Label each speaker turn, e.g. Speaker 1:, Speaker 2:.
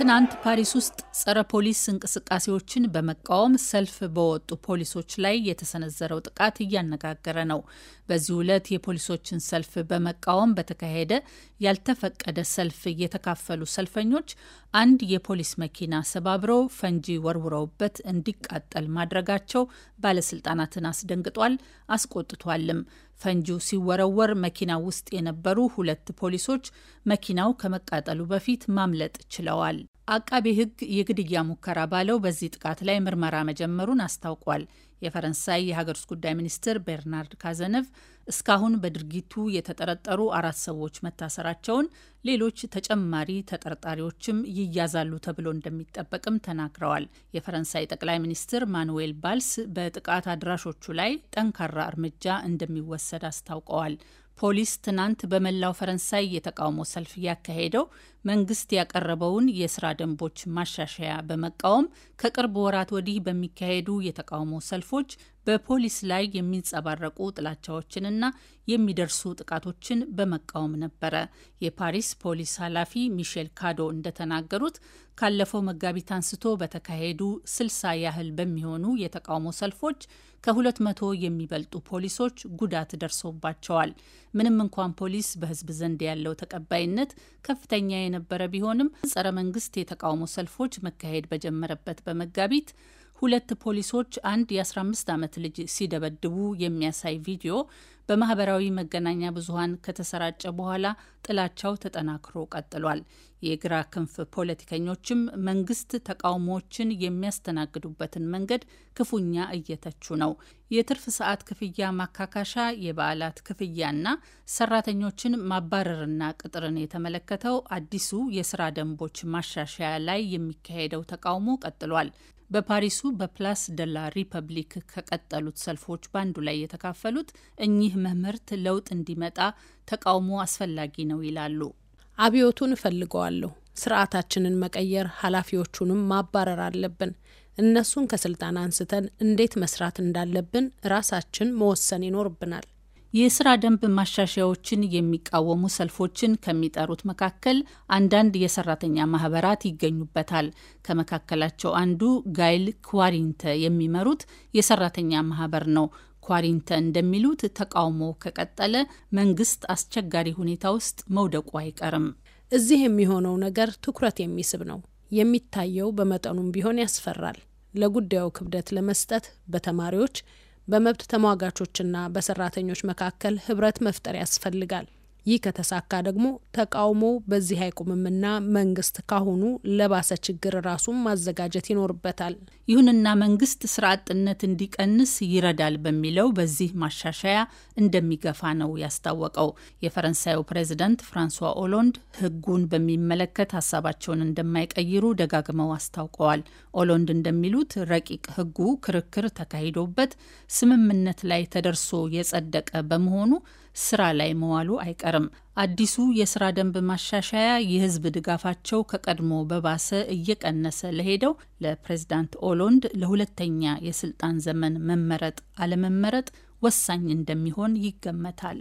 Speaker 1: ትናንት ፓሪስ ውስጥ ጸረ ፖሊስ እንቅስቃሴዎችን በመቃወም ሰልፍ በወጡ ፖሊሶች ላይ የተሰነዘረው ጥቃት እያነጋገረ ነው። በዚህ ዕለት የፖሊሶችን ሰልፍ በመቃወም በተካሄደ ያልተፈቀደ ሰልፍ የተካፈሉ ሰልፈኞች አንድ የፖሊስ መኪና ሰባብረው ፈንጂ ወርውረውበት እንዲቃጠል ማድረጋቸው ባለስልጣናትን አስደንግጧል፣ አስቆጥቷልም። ፈንጂው ሲወረወር መኪና ውስጥ የነበሩ ሁለት ፖሊሶች መኪናው ከመቃጠሉ በፊት ማምለጥ ችለዋል። አቃቤ ሕግ የግድያ ሙከራ ባለው በዚህ ጥቃት ላይ ምርመራ መጀመሩን አስታውቋል። የፈረንሳይ የሀገር ውስጥ ጉዳይ ሚኒስትር ቤርናርድ ካዘነቭ እስካሁን በድርጊቱ የተጠረጠሩ አራት ሰዎች መታሰራቸውን፣ ሌሎች ተጨማሪ ተጠርጣሪዎችም ይያዛሉ ተብሎ እንደሚጠበቅም ተናግረዋል። የፈረንሳይ ጠቅላይ ሚኒስትር ማኑዌል ባልስ በጥቃት አድራሾቹ ላይ ጠንካራ እርምጃ እንደሚወሰድ አስታውቀዋል። ፖሊስ ትናንት በመላው ፈረንሳይ የተቃውሞ ሰልፍ ያካሄደው መንግስት ያቀረበውን የስራ ደንቦች ማሻሻያ በመቃወም ከቅርብ ወራት ወዲህ በሚካሄዱ የተቃውሞ ሰልፎች በፖሊስ ላይ የሚንጸባረቁ ጥላቻዎችንና የሚደርሱ ጥቃቶችን በመቃወም ነበረ። የፓሪስ ፖሊስ ኃላፊ ሚሼል ካዶ እንደተናገሩት ካለፈው መጋቢት አንስቶ በተካሄዱ ስልሳ ያህል በሚሆኑ የተቃውሞ ሰልፎች ከሁለት መቶ የሚበልጡ ፖሊሶች ጉዳት ደርሶባቸዋል። ምንም እንኳን ፖሊስ በህዝብ ዘንድ ያለው ተቀባይነት ከፍተኛ የነበረ ቢሆንም ጸረ መንግስት የተቃውሞ ሰልፎች መካሄድ በጀመረበት በመጋቢት ሁለት ፖሊሶች አንድ የ15 ዓመት ልጅ ሲደበድቡ የሚያሳይ ቪዲዮ በማህበራዊ መገናኛ ብዙኃን ከተሰራጨ በኋላ ጥላቻው ተጠናክሮ ቀጥሏል። የግራ ክንፍ ፖለቲከኞችም መንግስት ተቃውሞዎችን የሚያስተናግዱበትን መንገድ ክፉኛ እየተቹ ነው። የትርፍ ሰዓት ክፍያ ማካካሻ፣ የበዓላት ክፍያና ሰራተኞችን ማባረርና ቅጥርን የተመለከተው አዲሱ የስራ ደንቦች ማሻሻያ ላይ የሚካሄደው ተቃውሞ ቀጥሏል። በፓሪሱ በፕላስ ደላ ሪፐብሊክ ከቀጠሉት ሰልፎች በአንዱ ላይ የተካፈሉት እኚህ መምህርት ለውጥ እንዲመጣ ተቃውሞ አስፈላጊ
Speaker 2: ነው ይላሉ። አብዮቱን እፈልገዋለሁ። ስርዓታችንን መቀየር፣ ኃላፊዎቹንም ማባረር አለብን። እነሱን ከስልጣን አንስተን እንዴት መስራት እንዳለብን ራሳችን መወሰን ይኖርብናል። የስራ ደንብ ማሻሻያዎችን የሚቃወሙ
Speaker 1: ሰልፎችን ከሚጠሩት መካከል አንዳንድ የሰራተኛ ማህበራት ይገኙበታል። ከመካከላቸው አንዱ ጋይል ክዋሪንተ የሚመሩት የሰራተኛ ማህበር ነው። ኳሪንተ እንደሚሉት ተቃውሞ ከቀጠለ መንግስት አስቸጋሪ ሁኔታ ውስጥ
Speaker 2: መውደቁ አይቀርም። እዚህ የሚሆነው ነገር ትኩረት የሚስብ ነው። የሚታየው በመጠኑም ቢሆን ያስፈራል። ለጉዳዩ ክብደት ለመስጠት በተማሪዎች በመብት ተሟጋቾችና በሰራተኞች መካከል ህብረት መፍጠር ያስፈልጋል። ይህ ከተሳካ ደግሞ ተቃውሞ በዚህ አይቁምምና መንግስት ካሁኑ ለባሰ ችግር ራሱን ማዘጋጀት ይኖርበታል። ይሁንና መንግስት ስራ አጥነት እንዲቀንስ ይረዳል
Speaker 1: በሚለው በዚህ ማሻሻያ እንደሚገፋ ነው ያስታወቀው። የፈረንሳዩ ፕሬዚደንት ፍራንሷ ኦሎንድ ህጉን በሚመለከት ሀሳባቸውን እንደማይቀይሩ ደጋግመው አስታውቀዋል። ኦሎንድ እንደሚሉት ረቂቅ ህጉ ክርክር ተካሂዶበት ስምምነት ላይ ተደርሶ የጸደቀ በመሆኑ ስራ ላይ መዋሉ አይቀርም። አይቀርም። አዲሱ የስራ ደንብ ማሻሻያ የህዝብ ድጋፋቸው ከቀድሞ በባሰ እየቀነሰ ለሄደው ለፕሬዚዳንት ኦሎንድ ለሁለተኛ የስልጣን ዘመን መመረጥ አለመመረጥ ወሳኝ እንደሚሆን ይገመታል።